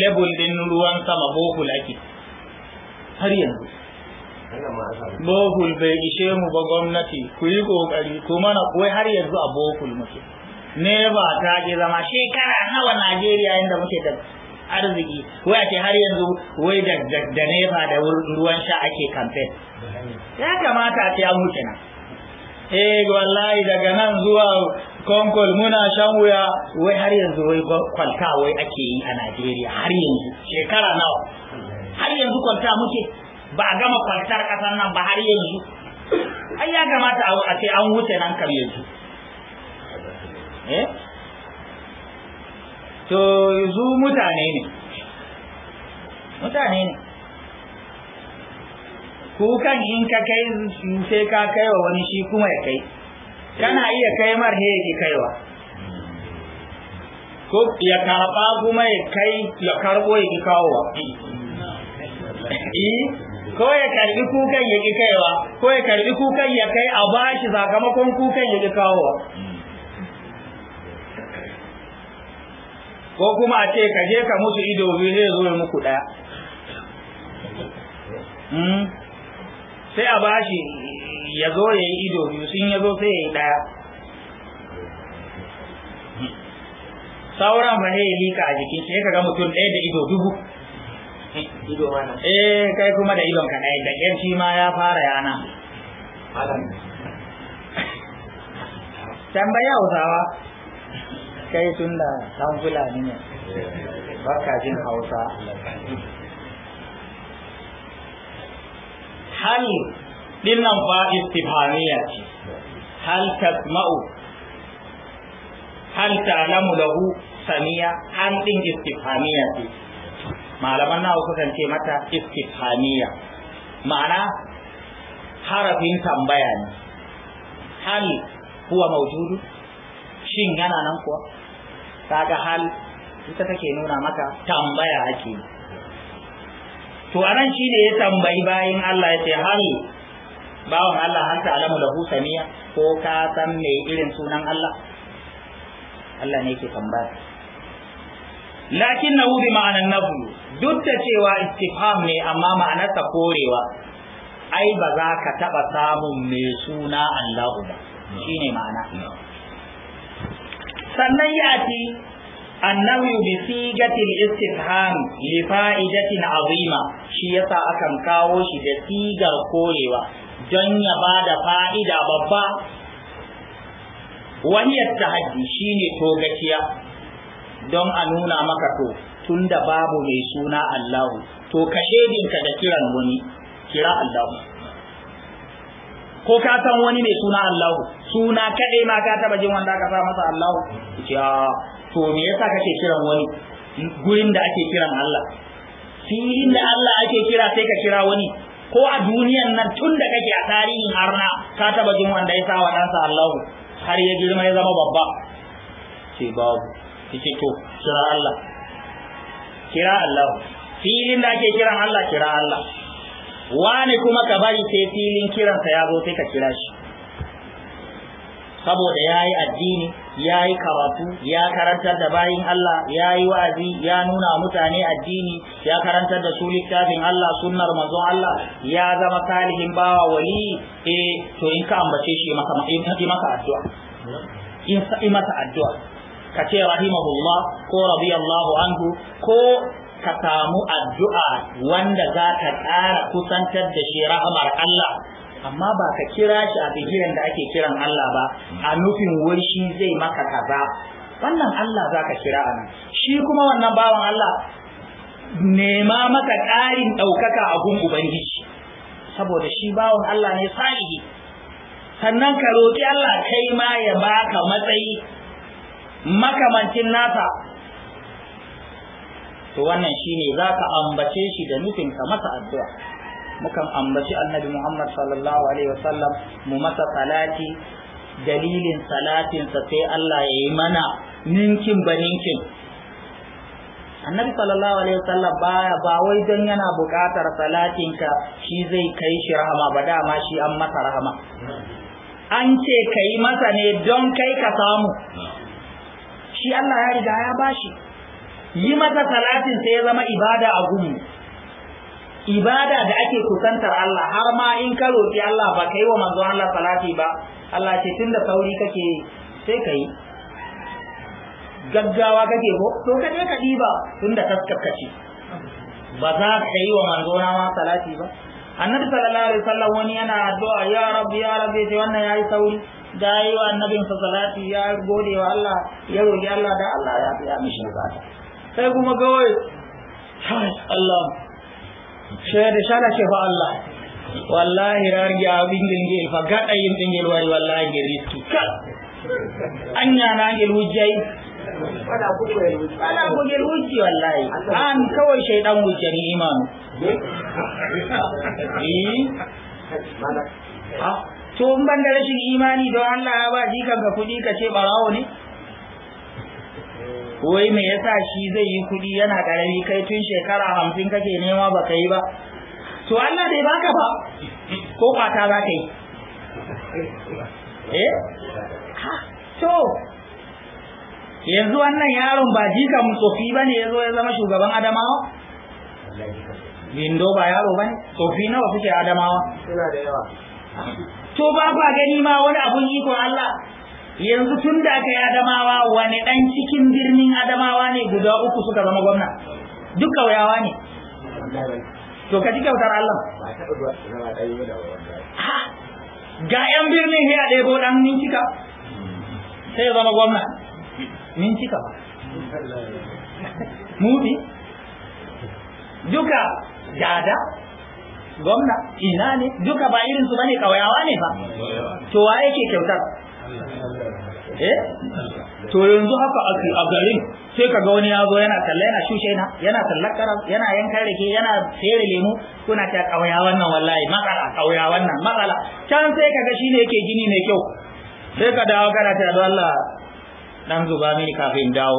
lebul din ruwan sama bohul ake har yanzu bohul bai ishe mu ba gwamnati ku yi kokari ku mana wai har yanzu a bohul muke ba ta ke zama shekara nawa najeriya inda muke da arziki wai ce har yanzu wai da da neba da ruwan sha ake kamfe ya kamata a ce an wuce na eh wallahi daga nan zuwa konkol muna shan wuya wai har yanzu wai kwalta wai ake yi a najeriya har yanzu shekara nawa har yanzu kwalta muke ba a gama kwaltar kasar nan ba har yanzu ai ya kamata a ce an wuce nan kam yanzu Eh? to yanzu mutane ne mutane ne kukan in ka kai sai ka kai wa wani shi kuma ya kai kana iya kai mar he yake kaiwa ko ya karɓa kuma ya kai ya karɓo ya ki kawowa eh? ko ya karbi kukan ya ki kaiwa ko ya karbi kukan ya kai a bashi sakamakon kukan ya ki kawowa ko kuma a ce ka je ka musu ido biyu zai zo ya muku ɗaya hmm? sai a bashi ya zo ya yi ido biyu sun ya zo sai ya yi ɗaya sauran ba ya lika a jikin sai ka ga mutum ɗaya da ido dubu eh kai kuma da idon ka ɗaya da ƙyar shi ma ya fara yana tambaya hausawa kai tun da san fulani ne baka jin hausa hal nan ba istifhamiya ce hal tasma'u hal ta'lamu lahu samiya an din istifhamiya ce malaman nawa kukan ce mata istifhamiya ma'ana harafin tambaya ne hal huwa maujudu shin yana nan kuwa kaga hal ita take nuna maka tambaya ake to anan ne ya tambayi bayin Allah ya ce hal bawan Allah har ta alamu lahu samiya ko ka san me irin sunan Allah Allah ne yake tambaya lakinnahu bi ma'anan nafi duk da cewa istifham ne amma ma'anarsa korewa ai ba za ka taba samun mai suna Allahu ba shine ma'ana sannan ya'ti annahu bi sigatil istifham li fa'idatin azima shi yasa akan kawo shi da sigar korewa don ya bada fa'ida babba wani tahaddi shine togaciya don a nuna maka to tunda babu mai suna Allahu to ka shedinka da kiran wani kira Allahu ko ka san wani mai suna Allah suna kadai ma ka taba jin wanda ka sa masa Allah ce a ah, to me yasa kake kiran wani gurin da ake kiran Allah filin da Allah ake kira sai ka kira wani ko a duniyan nan tun da kake a tarihin harna ka taba jin wanda ya sa wa ɗansa Allah har ya girma ya zama babba ce babu kike to kira Allah kira Allah filin da ake kiran Allah kira Allah wani kuma ka bari sai filin kiransa ya zo sai ka kira shi saboda ya yi addini ya yi karatu ya karantar da bayin Allah ya yi wa'azi ya nuna mutane addini ya karantar da su littafin Allah sunnar manzon Allah ya zama salihin bawa wali eh to in ka ambace shi maka maka addu'a in sa'i masa addu'a ka ce rahimahullah ko radiyallahu anhu ko ka samu addu'a wanda za ka ƙara kusantar da shi rahamar Allah amma ba ka kira shi a bigiran da ake kiran Allah ba a nufin wai shi zai maka kaza wannan Allah za ka kira a nan shi kuma wannan bawan Allah nema maka ƙarin ɗaukaka a gun Ubangiji saboda shi bawan Allah ne sahihi sannan ka roƙi Allah kai ma ya baka matsayi makamancin nasa to wannan shine za ka ambace shi da nufin ka masa addu'a mukan ambaci annabi muhammad sallallahu alaihi wasallam mu masa salati dalilin salatinsa sai allah ya yi mana ninkin ba ninkin annabi sallallahu alaihi wasallam baya ba wai don yana buƙatar ka shi zai kai shi rahama ba dama shi an masa rahama an ce ka yi masa ne don kai ka samu shi allah ya riga ya bashi yi masa salatin sai ya zama ibada a gumu ibada da ake kusantar Allah har ma in ka roƙi Allah ba kai wa manzo Allah salati ba Allah ce tunda sauri kake sai kai gaggawa kake ko to ka je ka diba tunda taskaka ce ba za ka yi wa manzo ma salati ba annabi sallallahu alaihi wasallam wani yana addu'a ya rabbi ya rabbi sai wannan yayi sauri da yayi wa annabin sa salati ya gode wa Allah ya roki Allah da Allah ya biya mishi bukata sai kuma gawai Allah sai da shana ce fa Allah wallahi rarge abin gilgil fa gaɗa yin dingil wari wallahi giriski kal anya na gil hujjai ana kugil hujji wallahi an kawai shaidan hujjani imanu eh? ah, to in ban da rashin imani don Allah ya ba jikan ka kuɗi ka ce barawo ne wai me yasa shi zai yi kuɗi yana ƙarami kai tun shekara hamsin kake nema ba ka yi ba to Allah bai baka ba ko kwata za ka yi eh to yanzu wannan yaron ba jika tsofi ba ne ya zo ya zama shugaban adamawa lindo ba yaro ba ne tsofi nawa kuke adamawa suna da yawa to ba ba gani ma wani abun ikon Allah yanzu tun da aka yi adamawa wani ɗan cikin birnin adamawa ne guda uku suka zama gwamna duk kauyawa ne to ka ji kyautar Allah ga yan birnin ya ko ɗan mincika sai ya zama gwamna mincika ba mudi duka dada gwamna ina ne duka ba irinsu ba ne kauyawa ne ba to wa yake kyautar eh to yanzu haka a garin sai ka ga wani ya zo yana talla yana shushe na yana tallakar yana yanka rake yana fere lemu kuna ta kauya wannan wallahi matsala kauya wannan matsala can sai ka ga shine yake gini mai kyau sai ka dawo kana ta da Allah dan zuba mini kafin dawo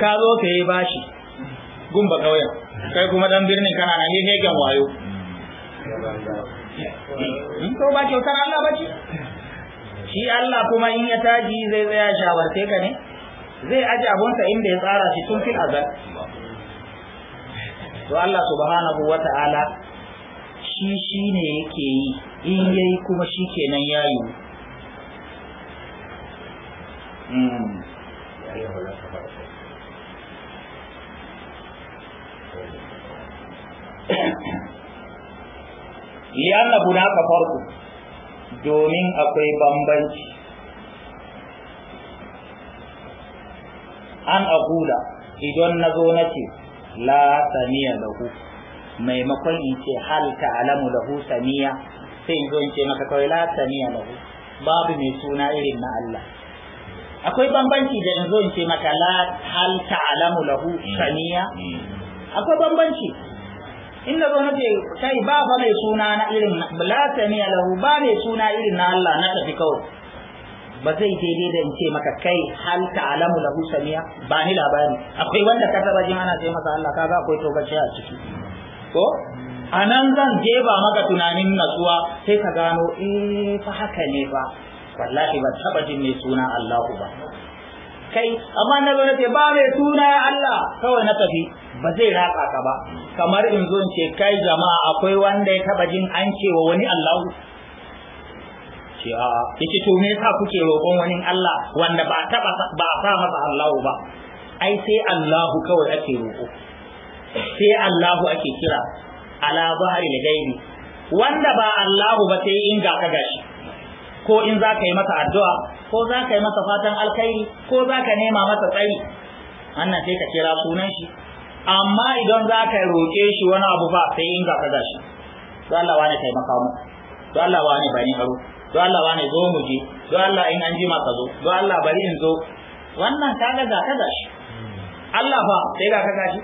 ka zo ka yi bashi gumba kauya kai kuma dan birnin kana nan ne hegen wayo in hmm? to ba kyautar Allah ba ce shi Allah kuma in ya taji zai tsaya shawarce ka ne zai aji abunsa inda ya tsara shi tun fil azal to Allah subhanahu wata'ala shi shine yake yi in yayi kuma shi kenan yayi Iyanna hmm. li'anna hunaka domin akwai bambanci an akula idan na zo na ce la saniya lahu maimakon in ce hal alamu lahu saniya sai in zo in ce maka kawai la saniya lahu babu mai suna irin na Allah akwai bambanci da in zo in ce maka la hal alamu lahu mm. saniya mm. akwai bambanci inda zo na ce kai ba fa mai suna na irin la samiya lahu ba mai suna irin na Allah na tafi kawai ba zai daidai da in ce maka kai hal ta'lamu lahu samiya ba ni labari akwai wanda ka taba jin ana ce masa Allah kaga akwai tokaci a ciki ko a nan zan ba maka tunanin natsuwa sai ka gano eh fa haka ne ba wallahi ba taba jin mai suna Allah ba kai amma na zo nace ba mai suna ya Allah kawai na tafi ba zai raka ka ba kamar in zo nace kai jama'a akwai wanda ya taba jin an cewa wani Allah ce a yace to me yasa kuke roƙon wani Allah wanda ba taba ba a sa masa Allah ba ai sai Allah kawai ake roƙo sai Allah ake kira ala zahari da wanda ba Allah ba sai in ga ka gashi ko in za ka yi masa addu'a ko za ka yi masa fatan alkhairi ko za ka nema masa tsayi wannan sai ka kira sunan shi amma idan za ka roƙe shi wani abu ba sai in gafa da shi to Allah wani taimaka mu to Allah wani bani aro to Allah wani zo mu je to Allah in an ma ka zo to Allah bari in zo wannan ka ga da shi Allah fa sai ga kaga shi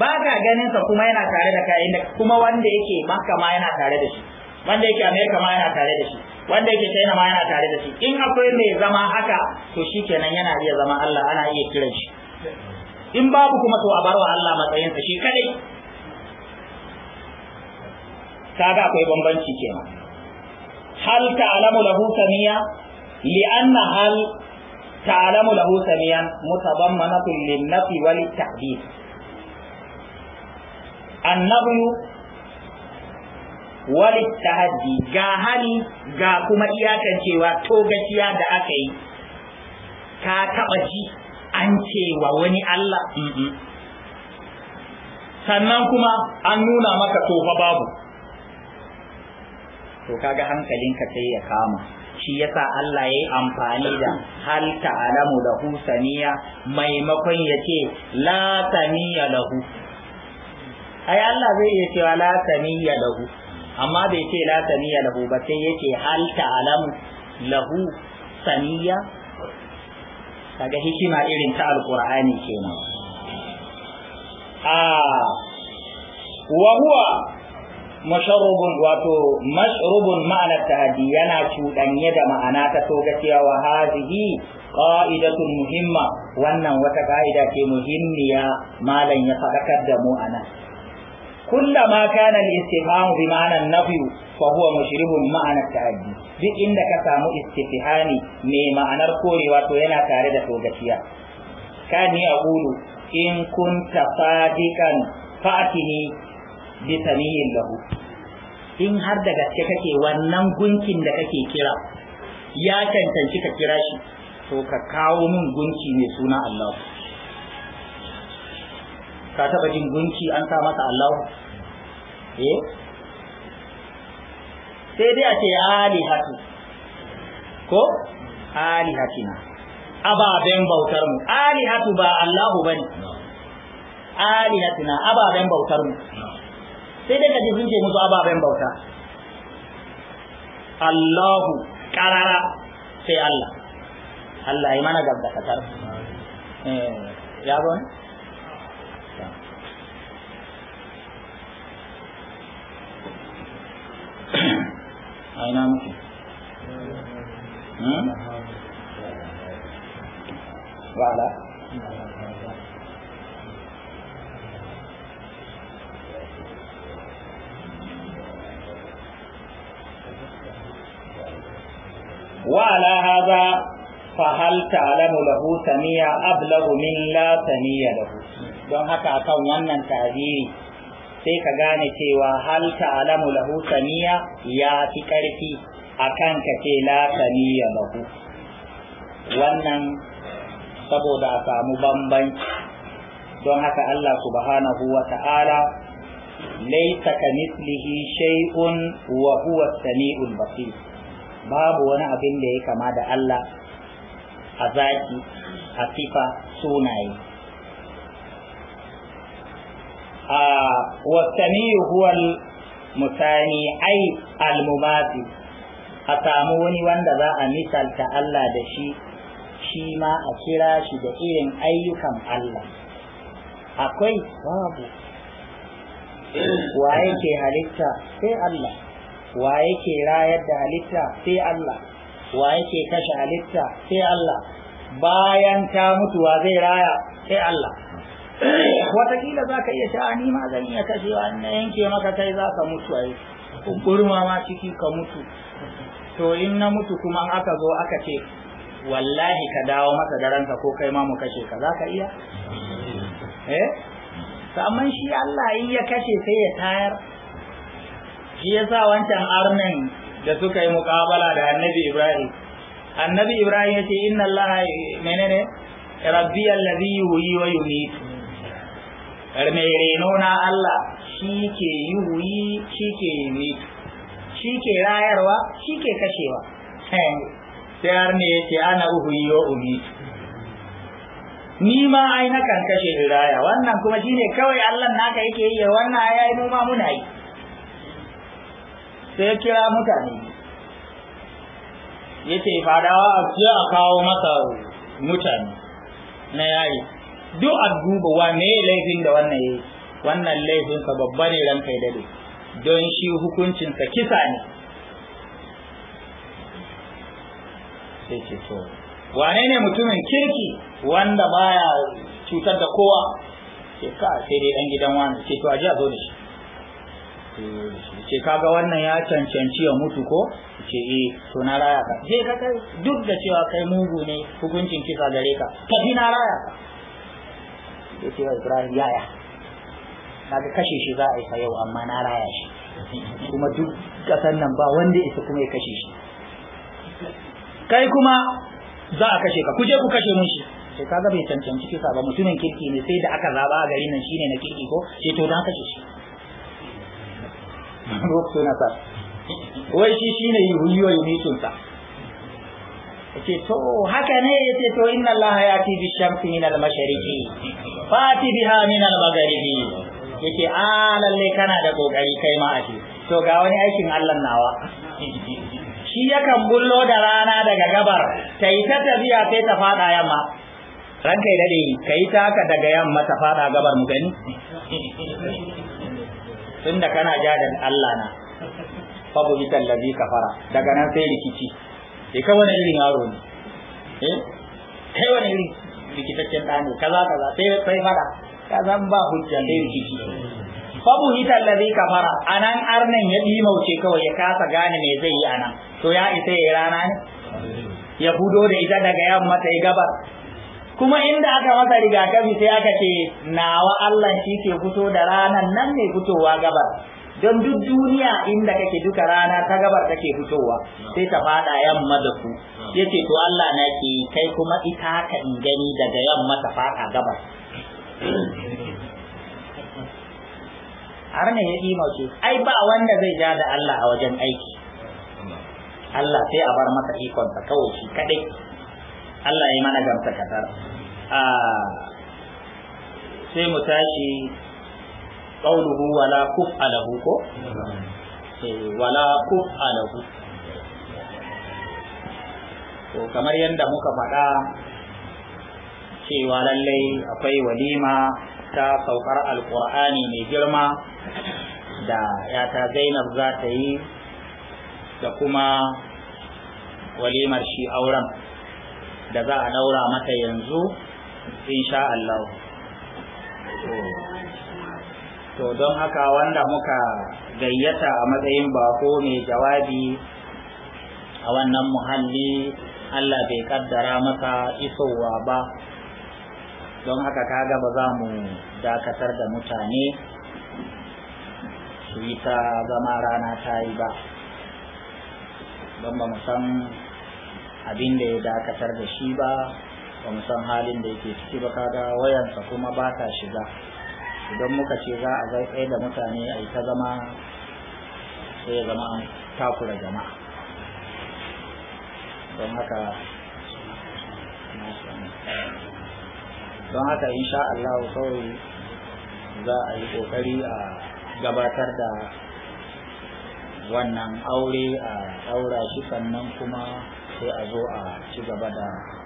ba ka ganin sa kuma yana tare da kai kuma wanda yake makama ma yana tare da shi wanda yake Amerika ma yana tare da shi wanda yake china ma yana tare da shi in akwai mai zama haka to shikenan yana iya zama Allah ana iya kiran shi in babu kuma to a barwa Allah matsayinsa shi kadai kaga akwai bambanci kenan hal ta'lamu lahu samiya li'anna hal ta'lamu lahu samiyan mutadammanatun lin-nafi wal-ta'did an wali tahaddi ga hani ga kuma iyakancewa to gaskiya da aka yi ka taɓa ji an cewa wani Allah sannan kuma an nuna maka fa babu to kaga hankalinka sai ya kama shi yasa Allah ya yi amfani da hal ta'alamu lahu saniya maimakon ya ce la saniya lahu ai Allah zai iya cewa la saniya lahu amma bai ce la saniya lahu ba sai yake hal ta'lamu lahu saniya kaga hikima irin ta alqur'ani kenan a ah, wa huwa masharubun wato mashrubun ma'anar tahaddi yana cuɗanye da ma'ana ta so gaskiya wa hazihi qa'idatun muhimma wannan wata ka'ida ce muhimmiya malam ya faɗakar da mu anan kullama kana al-istifham bi ma'anan nafi fa huwa mushrihun ma'ana ta'addi duk inda ka samu istifhami mai ma'anar korewa to yana tare da togaciya kani aqulu in kunta sadiqan fa'tini bi samihin lahu in har da gaske kake wannan gunkin da kake kira ya cancanci ka kira shi to ka kawo min gunki mai suna Allah ka taba jin gunki an sa masa Allah eh sai dai a ce Ali hatu ko Ali hatina ababen bautar mu Ali hatu ba Allahu bane hatina ababen bautar mu sai dai ka ji sun ce musu ababen bauta Allahu karara sai Allah Allah ya mana gaba da katar eh ya zo هينامك وعلى وعلى هذا فهل تعلم له سميع أبلغ من لا سميع له دون هكا akan ينن تعذيري sai ka gane cewa hal ta'lamu lahu ya fi karfi kan ka ce la samiya lahu wannan saboda a samu bambanci don haka Allah subhanahu wa ta'ala laisa ka mislihi shay'un wa huwa sami'ul basir babu wani abin da ya kama da Allah a zaki a sifa sunaye A huwal musani ai almubati a samu wani wanda za a misalta Allah da shi shi ma a kira shi da irin ayyukan Allah akwai babu wa yake halitta sai Allah wa yake rayar da halitta sai Allah wa yake kashe halitta sai Allah bayan ta mutuwa zai raya sai Allah watakila za ka iya sha ni ma zan iya wa na yanke maka kai za ka mutu a yi ma ciki ka mutu to in na mutu kuma aka zo aka ce wallahi ka dawo maka da ranka ko kai ma mu kashe ka za ka iya eh amma shi Allah in ya kashe sai ya tayar shi ya sa wancan arnin da suka yi muƙabala da annabi Ibrahim annabi Ibrahim ya ce inna Allah menene rabbi allazi yuhyi wa yumiitu mai reno na Allah shi ke yuhuyi shi ke mitu shi ke rayarwa shi ke kashewa sai har ne ya ce ana uhuyi wa umitu ni ma ai na kan kashe in raya wannan kuma shine kawai Allah naka yake yi ya wannan ai mu ma muna yi sai kira mutane ce fadawa a kawo masa mutane na yayi duk a duba wa ne laifin da wannan yayi wannan laifin ka babba ne ran kai dade don shi hukuncin sa kisa ne sai ce to wane ne mutumin kirki wanda baya cutar da kowa ke ka sai dai dan gidan wani ce to aje a zo da shi ce kaga wannan ya cancanci ya mutu ko ce eh to na raya ka je ka kai duk da cewa kai mugu ne hukuncin kisa gare ka tafi na raya ka ya ce wa ibrahim yaya kaga kashe shi za a yi fa yau amma na raya shi kuma duk kasan nan ba wanda isa kuma ya kashe shi kai kuma za a kashe ka kuje ku kashe mun shi sai kaga bai cancanci kisa ba mutumin kirki ne sai da aka zaba a garin nan shine na kirki ko sai to dan kashe shi ko na wai shi shine yuhiyo yumitun sa yace to haka ne yace to inna allaha yati bi shamsi min al fati biha min al maghribi yace a ah, lalle kana da kokari kai ma a to ga wani aikin Allah nawa shi yakan bullo da rana daga gabar ta yi ta tafiya sai ta fada yamma ranka ya dade kai ta ka daga yamma ta fada gabar mu gani tunda kana ja Allah na fabu bi ka kafara daga nan sai rikici sai eh, ka wani irin yaro ne eh kai wani irin rikitaccen ɗa ne kaza kaza sai sai fara ka zan ba hujja dai rikici fabu hitar da ka fara. a nan arnan ya mauce kawai ya kasa gane me zai yi a nan to ya isa ya rana ne ya hudo da ita daga yamma ta yi gabar kuma inda aka masa rigakafi sai aka ce nawa Allah shi ke fito da ranan nan ne fitowa gabar don duk duniya inda kake duka rana ta gabar take fitowa sai ta fada yamma da ku yace to Allah na ke kai kuma ita haka in gani daga yamma ta fada gabar har ne ya yi mace ai ba wanda zai ja da Allah a wajen aiki Allah sai a bar masa ikon ta kawai shi kadai Allah ya mana gamsa kadar ah, sai mu tashi qawluhu wala kuf'alahu ko wala kuf'alahu to kamar yadda muka faɗa cewa lallai akwai walima ta saukar alkur'ani mai girma da yata zainab za ta yi da kuma walimar shi auren da za a daura mata yanzu insha Allah. to don haka wanda muka gayyata a matsayin bako mai jawabi a wannan muhalli Allah bai kaddara maka isowa ba don haka kaga ba za mu dakatar da mutane su yi ta zama rana ta yi ba don ba mu san abin da ya dakatar da shi ba ba mu san halin da yake ciki ba kaga wayansa kuma ba ta shiga idan muka ce za a zai da mutane a yi ta zama sai zama takura jama'a don haka don haka insha Allah kawai za a yi kokari a gabatar da wannan aure a daura shi sannan kuma sai a zo a ci gaba da